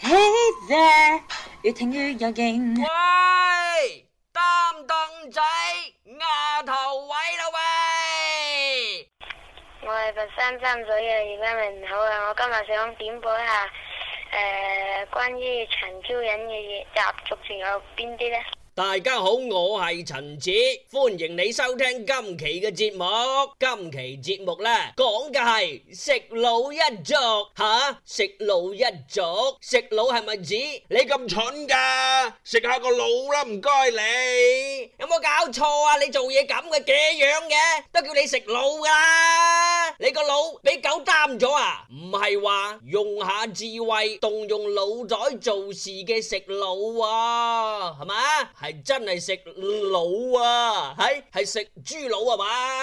起嘅越聽越有勁。Hey, you you，喂，擔凳仔，牙頭位啦喂。我係佛山三水嘅，而家嘉唔好啊。我今日想點播一下，誒、呃，關於潮州人嘅嘢習俗仲有邊啲咧？大家好，我係陳子，歡迎你收聽今期嘅節目。今期節目咧，講嘅係食腦一族吓，食腦一族，食腦係咪指你咁蠢噶？食下個腦啦，唔該你，有冇搞錯啊？你做嘢咁嘅嘅樣嘅，都叫你食腦噶啦。你個腦俾狗擔咗啊？唔係話用下智慧，動用腦袋做事嘅食腦啊？係咪啊？係真係食腦啊？係係食豬腦啊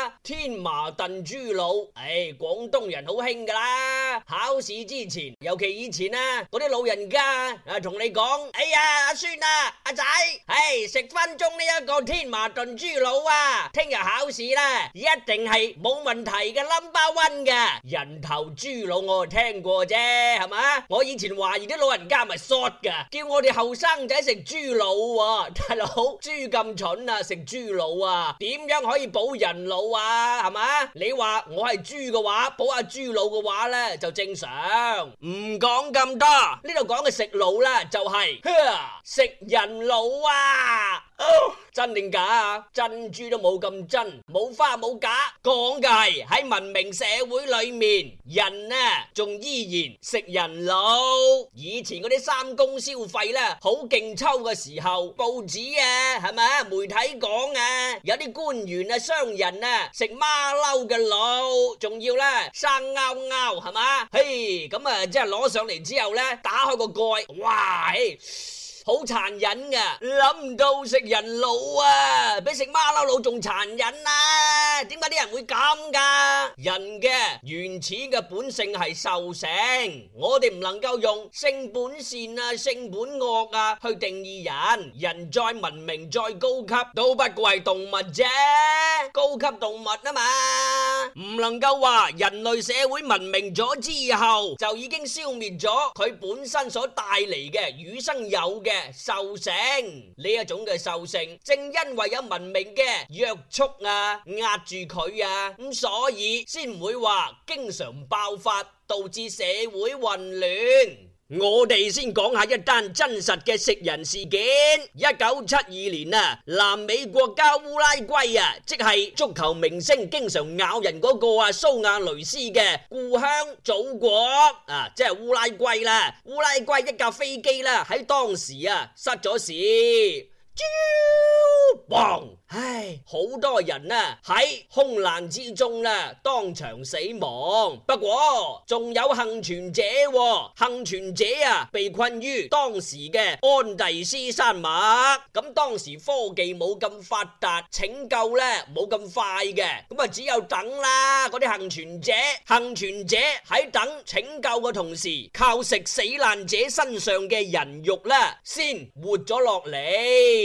嘛？天麻燉豬腦，誒、哎、廣東人好興噶啦。考試之前，尤其以前啊嗰啲老人家啊，同你講：哎呀阿孫啊，阿仔，誒、哎、食返盅呢一個天麻燉豬腦啊，聽日考試啦，一定係冇問題嘅冧巴。溫噶人頭豬腦我聽過啫，係嘛？我以前懷疑啲老人家咪 short 噶，叫我哋後生仔食豬腦喎，大佬豬咁蠢啊，食豬腦啊？點樣可以補人腦啊？係嘛？你話我係豬嘅話，補下豬腦嘅話呢，就正常，唔講咁多。呢度講嘅食腦啦，就係、是、食人腦啊、哦、啊！真定假啊？珍珠都冇咁真，冇花冇假，講嘅係喺文明，社會裏面人呢、啊，仲依然食人腦。以前嗰啲三公消費呢，好勁抽嘅時候，報紙啊，係咪啊，媒體講啊，有啲官員啊、商人啊，食孖騮嘅腦，仲要呢，生勾勾，係嘛？嘿，咁啊，即係攞上嚟之後呢，打開個蓋，哇！哎好殘忍㗎，諗唔到食人腦啊，比食馬騮腦仲殘忍啊！點解啲人會咁㗎？人嘅原始嘅本性係獸性，我哋唔能夠用性本善啊、性本惡啊去定義人。人再文明再高級，都不過係動物啫，高級動物啊嘛。唔能夠話人類社會文明咗之後，就已經消滅咗佢本身所帶嚟嘅與生有嘅獸性，呢一種嘅獸性，正因為有文明嘅約束啊，壓住佢啊，咁所以先唔會話經常爆發，導致社會混亂。我哋先講下一單真實嘅食人事件。一九七二年啊，南美國家烏拉圭啊，即係足球明星經常咬人嗰個啊蘇亞雷斯嘅故鄉祖國啊，即係烏拉圭啦。烏拉圭一架飛機啦，喺當時啊失咗事。絕望， 唉，好多人啊喺空難之中啦，當場死亡。不過仲有幸存者，幸存者啊，被困於當時嘅安第斯山脈。咁當時科技冇咁發達，拯救呢冇咁快嘅，咁啊只有等啦。嗰啲幸存者，幸存者喺等拯救嘅同時，靠食死難者身上嘅人肉啦，先活咗落嚟。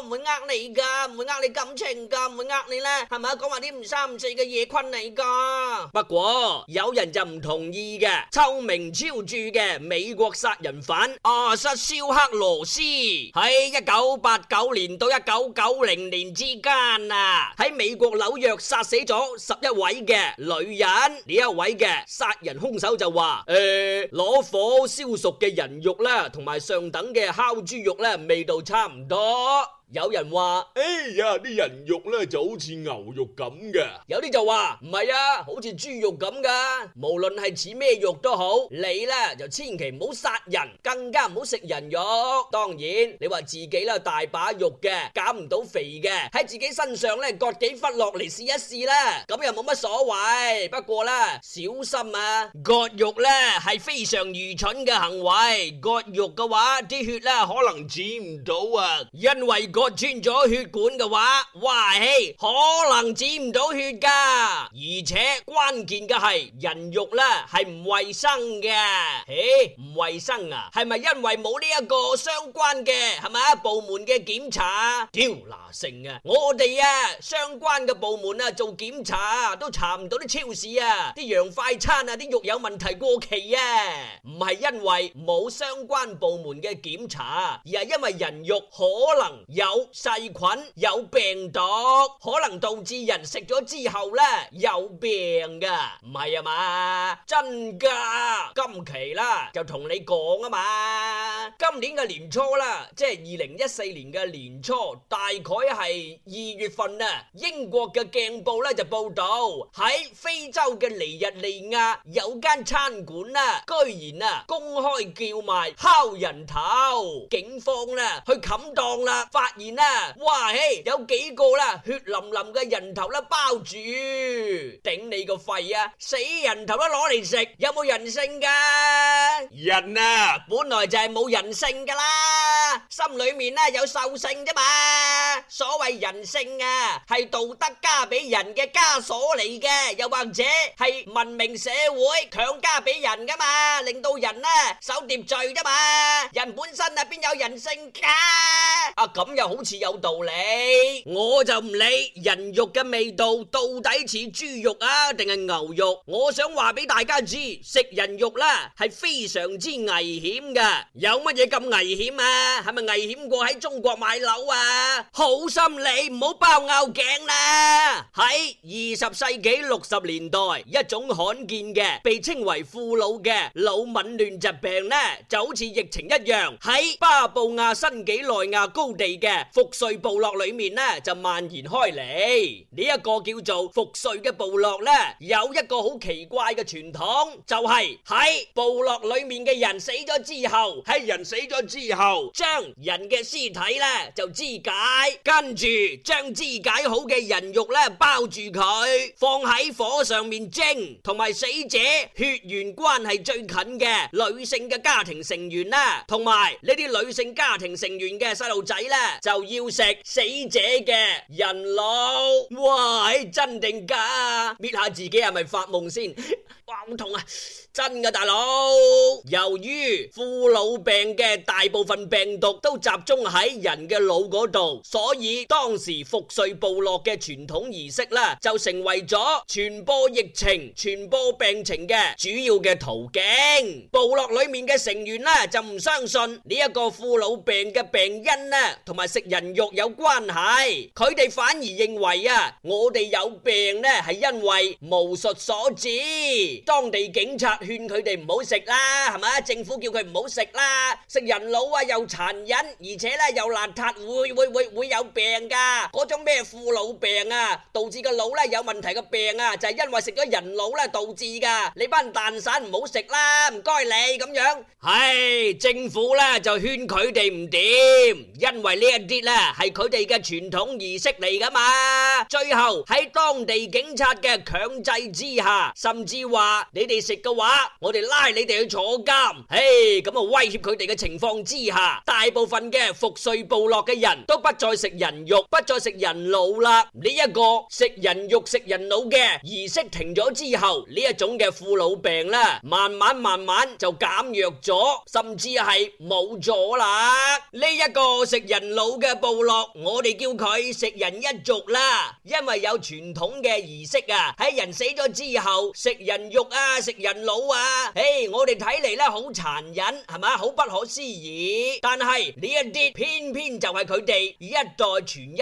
唔會呃你噶，唔會呃你感情噶，唔會呃你呢，係咪啊？講話啲唔三唔四嘅嘢昆你噶。不過有人就唔同意嘅。臭名昭著嘅美國殺人犯阿瑟肖克羅斯喺一九八九年到一九九零年之間啊，喺美國紐約殺死咗十一位嘅女人。呢一位嘅殺人凶手就話：誒、呃，攞火燒熟嘅人肉咧，同埋上等嘅烤豬肉呢，味道差唔多。有人話：哎呀，啲人肉咧就好似牛肉咁嘅；有啲就話唔係啊，好似豬肉咁噶。無論係似咩肉都好，你咧就千祈唔好殺人，更加唔好食人肉。當然，你話自己咧大把肉嘅，減唔到肥嘅，喺自己身上咧割幾忽落嚟試一試啦，咁又冇乜所謂。不過咧，小心啊，割肉咧係非常愚蠢嘅行為。割肉嘅話，啲血咧可能止唔到啊，因為。割穿咗血管嘅話，哇，嘿，可能止唔到血噶。而且關鍵嘅係人肉咧係唔衛生嘅。誒，唔衛生啊，係咪因為冇呢一個相關嘅係咪啊部門嘅檢查？屌，那成啊，我哋啊相關嘅部門啊做檢查、啊、都查唔到啲超市啊啲洋快餐啊啲肉有問題過期啊，唔係因為冇相關部門嘅檢查，而係因為人肉可能有。有細菌，有病毒，可能導致人食咗之後呢，有病噶，唔係啊嘛？真噶，今期啦就同你講啊嘛，今年嘅年初啦，即係二零一四年嘅年初，大概係二月份啊，英國嘅鏡報呢就報道喺非洲嘅尼日利亞有間餐館啦，居然啊公開叫賣烤人頭，警方呢去冚檔啦，發然啦，哇嘿，有幾個啦，血淋淋嘅人頭啦包住，頂你個肺啊！死人頭都攞嚟食，有冇人性噶？人啊，本來就係冇人性噶啦，心裏面呢有獸性啫嘛。所謂人性啊，係道德加俾人嘅枷鎖嚟嘅，又或者係文明社會強加俾人噶嘛，令到人呢守秩序啫嘛。人本身啊邊有人性噶？啊咁又？好似有道理，我就唔理人肉嘅味道，到底似豬肉啊定係牛肉。我想話俾大家知，食人肉啦係非常之危險嘅。有乜嘢咁危險啊？係咪危險過喺中國買樓啊？好心你唔好爆拗頸啦。喺二十世紀六十年代，一種罕見嘅被稱為庫魯嘅腦紊亂疾病咧，就好似疫情一樣喺巴布亞新幾內亞高地嘅。服稅部落裏面咧就蔓延開嚟。呢一個叫做服稅嘅部落呢，有一個好奇怪嘅傳統，就係、是、喺部落裏面嘅人死咗之後，喺人死咗之後，將人嘅屍體呢就肢解，跟住將肢解好嘅人肉呢包住佢，放喺火上面蒸，同埋死者血緣關係最近嘅女性嘅家庭成員咧，同埋呢啲女性家庭成員嘅細路仔呢，又要食死者嘅人腦，喂，真定假啊？搣下自己係咪發夢先？ 哇，好痛啊！真嘅啊，大佬。由於庫魯病嘅大部分病毒都集中喺人嘅腦嗰度，所以當時服睡部落嘅傳統儀式咧，就成為咗傳播疫情、傳播病情嘅主要嘅途徑。部落裡面嘅成員咧，就唔相信呢一個庫魯病嘅病因呢，同埋食人肉有關係。佢哋反而認為啊，我哋有病呢，係因為巫術所致。當地警察勸佢哋唔好食啦，係咪？政府叫佢唔好食啦，食人腦啊又殘忍，而且咧又邋遢，會會會會有病噶，嗰種咩富腦病啊，導致個腦咧有問題個病啊，就係因為食咗人腦咧導致噶。你班蛋散唔好食啦，唔該你咁樣。係政府咧就勸佢哋唔掂，因為呢一啲咧係佢哋嘅傳統儀式嚟噶嘛。最後喺當地警察嘅強制之下，甚至話。你哋食嘅話，我哋拉你哋去坐監。嘿，咁啊威脅佢哋嘅情況之下，大部分嘅服稅部落嘅人都不再食人肉，不再食人腦啦。呢一個食人肉食人腦嘅儀式停咗之後，呢一種嘅父老病啦，慢慢慢慢就減弱咗，甚至係冇咗啦。呢一個食人腦嘅部落，我哋叫佢食人一族啦，因為有傳統嘅儀式啊，喺人死咗之後食人肉。肉啊，食人腦啊，誒，我哋睇嚟咧好殘忍，係咪？好不可思議但，但係呢一啲偏偏就係佢哋一代傳一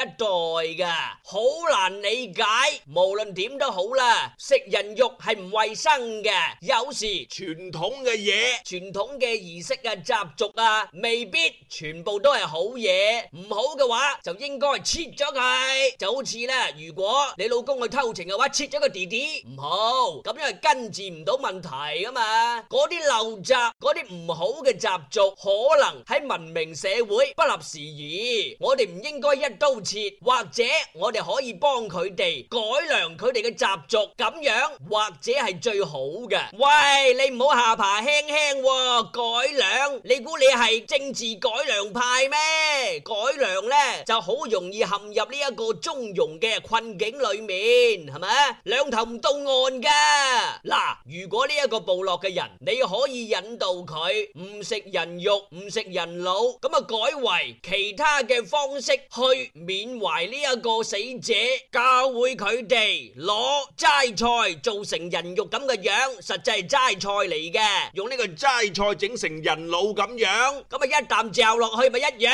代噶，好難理解。無論點都好啦，食人肉係唔衛生嘅。有時傳統嘅嘢、傳統嘅儀式啊、習俗啊，未必全部都係好嘢。唔好嘅話就應該切咗佢。就好似咧，如果你老公去偷情嘅話，切咗個弟弟唔好。咁因為跟。治唔到問題啊嘛，嗰啲陋習，嗰啲唔好嘅習俗，可能喺文明社會不合時宜。我哋唔應該一刀切，或者我哋可以幫佢哋改良佢哋嘅習俗，咁樣或者係最好嘅。喂，你唔好下巴輕輕，改良，你估你係政治改良派咩？改良呢就好容易陷入呢一個中庸嘅困境裏面，係咪啊？兩頭唔到岸噶。啊、如果呢一個部落嘅人，你可以引導佢唔食人肉，唔食人腦，咁啊改為其他嘅方式去緬懷呢一個死者，教會佢哋攞齋菜做成人肉咁嘅樣，實際係齋菜嚟嘅，用呢個齋菜整成人腦咁樣，咁啊一啖嚼落去咪一樣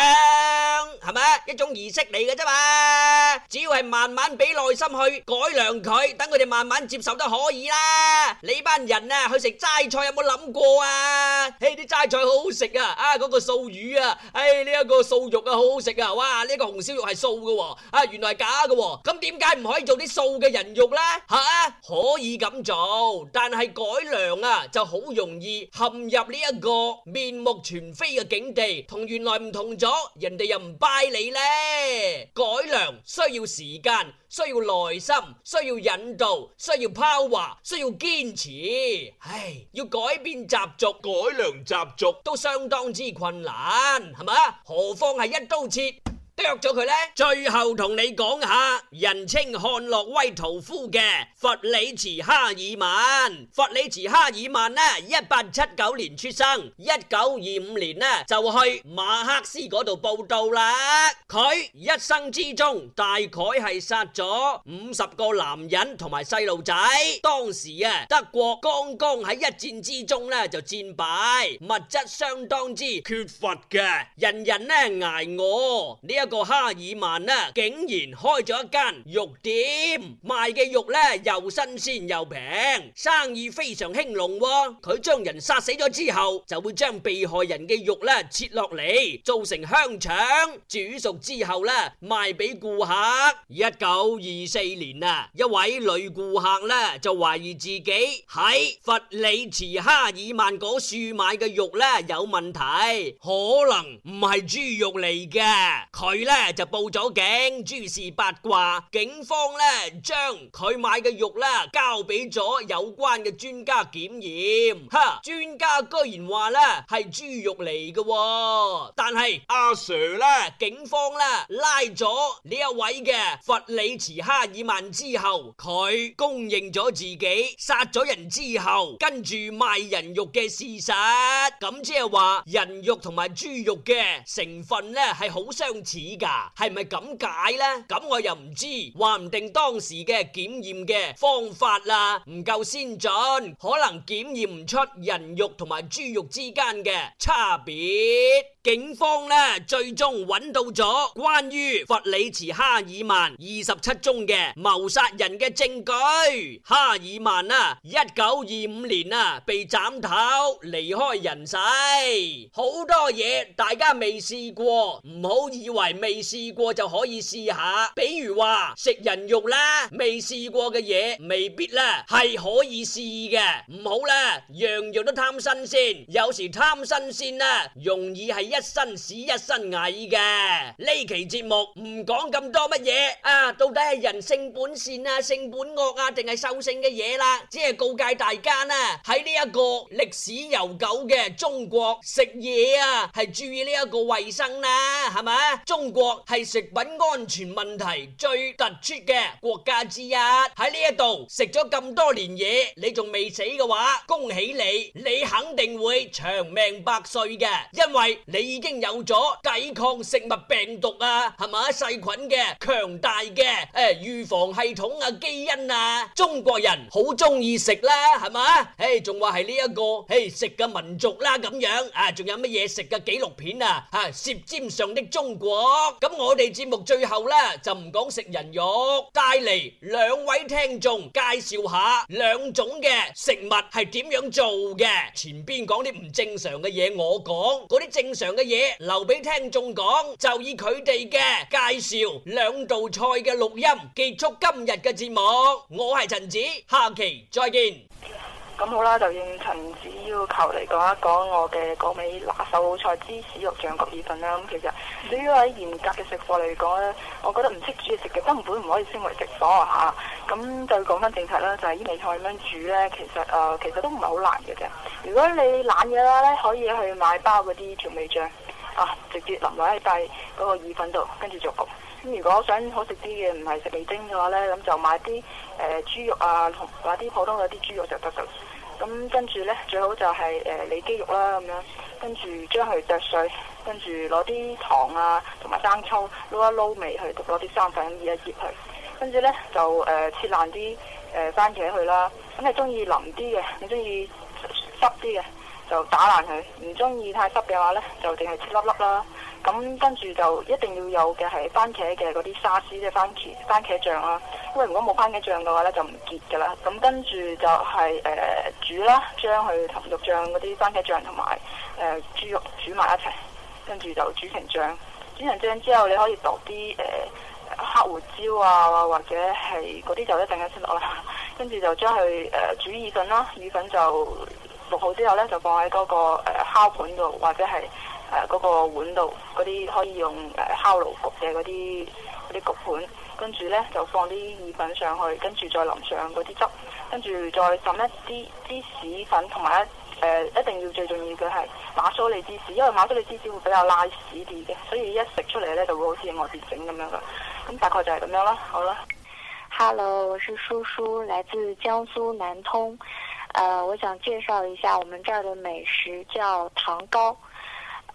係咪？一種儀式嚟嘅啫嘛，只要係慢慢俾耐心去改良佢，等佢哋慢慢接受都可以啦。你班人啊，去食齋菜有冇諗過啊？嘿啲齋菜好好食啊！啊，嗰個素魚啊，誒呢一個素肉啊，好好食啊！哇，呢個紅燒肉係素嘅。啊，啊，原來係假嘅，啊，咁點解唔可以做啲素嘅人肉咧？吓，啊啊，可以咁做，但係改良啊就好容易陷入呢一個面目全非嘅境地，同原來唔同咗，人哋又唔拜你咧。改良需要時間，需要耐心，需要引導，需要拋話，需要堅持，唉，要改變習俗、改良習俗都相當之困難，係嘛？何況係一刀切？剁咗佢呢！最後同你講下，人稱漢諾威屠夫嘅弗里茨哈爾曼，弗里茨哈爾曼呢？一八七九年出生，一九二五年呢就去馬克思嗰度報道啦。佢一生之中大概係殺咗五十個男人同埋細路仔。當時啊，德國剛剛喺一戰之中呢就戰敗，物質相當之缺乏嘅，人人呢捱餓呢。一個哈爾曼啦，竟然開咗一間肉店，賣嘅肉咧又新鮮又平，生意非常興隆，哦。佢將人殺死咗之後，就會將被害人嘅肉咧切落嚟，做成香腸，煮熟之後咧賣俾顧客。一九二四年啊，一位女顧客咧就懷疑自己喺佛里茨哈爾曼嗰處買嘅肉咧有問題，可能唔係豬肉嚟嘅。佢咧就報咗警，諸事八卦，警方咧將佢買嘅肉咧交俾咗有關嘅專家檢驗，吓，專家居然話咧係豬肉嚟嘅，但係阿 Sir 咧，警方咧拉咗呢一位嘅弗里茨哈爾曼之後，佢供認咗自己殺咗人之後，跟住賣人肉嘅事實，咁即係話人肉同埋豬肉嘅成分咧係好相似。啲噶，係咪咁解呢？咁我又唔知，話唔定當時嘅檢驗嘅方法啦，唔夠先進，可能檢驗唔出人肉同埋豬肉之間嘅差別。警方咧，最終揾到咗關於佛里茨哈爾曼二十七宗嘅謀殺人嘅證據。哈爾曼啊，一九二五年啊，被斬頭離開人世。好多嘢，大家未試過，唔好以為未試過就可以試下。比如話食人肉啦，未試過嘅嘢，未必啦係可以試嘅。唔好啦，樣樣都貪新鮮，有時貪新鮮啦，容易係。一身屎一身蟻嘅，呢期節目唔講咁多乜嘢啊！到底係人性本善啊，性本惡啊，定係獸性嘅嘢啦？只係告誡大家啦，喺呢一個歷史悠久嘅中國食嘢啊，係注意呢一個衛生啦，係咪啊？中國係食品安全問題最突出嘅國家之一。喺呢一度食咗咁多年嘢，你仲未死嘅話，恭喜你，你肯定會長命百歲嘅，因為你。已經有咗抵抗食物病毒啊，係嘛，細菌嘅強大嘅誒預防系統啊，基因啊，中國人好中意食啦，係嘛？誒仲話係呢一個誒食嘅民族啦，咁樣啊？仲有乜嘢食嘅紀錄片啊？吓、啊、舌尖上的中國。咁我哋節目最後咧就唔講食人肉，帶嚟，兩位聽眾介紹下兩種嘅食物係點樣做嘅。前邊講啲唔正常嘅嘢我講，嗰啲正常。嘅嘢留俾聽眾講，就以佢哋嘅介紹，兩道菜嘅錄音，結束今日嘅節目。我係陳子，下期再見。咁好啦，就應陳子要求嚟講一講我嘅嗰味拿手好菜芝士肉醬焗意粉啦。咁其實對於喺嚴格嘅食貨嚟講呢，我覺得唔識煮嘢食嘅根本唔可以稱為食所啊。咁就講翻正題啦，就係呢味菜咁樣煮呢，其實誒、呃，其實都唔係好難嘅啫。如果你懶嘅話呢，可以去買包嗰啲調味醬啊，直接淋落喺塊嗰個意粉度，跟住就焗。咁如果想好食啲嘅，唔係食味精嘅話呢，咁就買啲誒豬肉啊，同買啲普通嗰啲豬肉就得㗎啦。咁跟住呢，最好就係誒里肌肉啦、啊，咁樣跟住將佢剁碎，跟住攞啲糖啊，同埋生抽撈一撈味去，去攞啲生粉醃一醃佢。跟住呢，就誒、呃、切爛啲誒番茄去啦。咁你中意淋啲嘅，你中意濕啲嘅，就打爛佢；唔中意太濕嘅話呢，就淨係切粒粒啦。咁跟住就一定要有嘅係番茄嘅嗰啲沙司，即係番茄番茄醬啦、啊。因為如果冇番茄醬嘅話呢，就唔結㗎啦。咁跟住就係、是、誒、呃、煮啦，將佢同肉醬嗰啲番茄醬同埋誒豬肉煮埋一齊，跟住就煮，煮成醬。煮成醬之後你可以落啲誒黑胡椒啊，或者係嗰啲就一定一先落啦。跟住就將佢誒煮意粉啦，意粉就落好之後呢，就放喺嗰、那個、呃、烤盤度或者係。誒嗰、呃那個碗度，嗰啲可以用誒、呃、烤爐焗嘅嗰啲啲焗盤，跟住咧就放啲意粉上去，跟住再淋上嗰啲汁，跟住再浸一啲芝士粉，同埋一誒、呃、一定要最重要嘅係馬蘇里芝士，因為馬蘇里芝士會比較拉絲啲嘅，所以一食出嚟咧就會好似外邊整咁樣噶。咁大概就係咁樣啦。好啦。Hello，我是叔叔，來自江蘇南通。誒、呃，我想介紹一下我們這兒的美食，叫糖糕。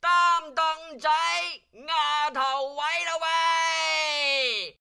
擔凳仔，牙頭位啦喂！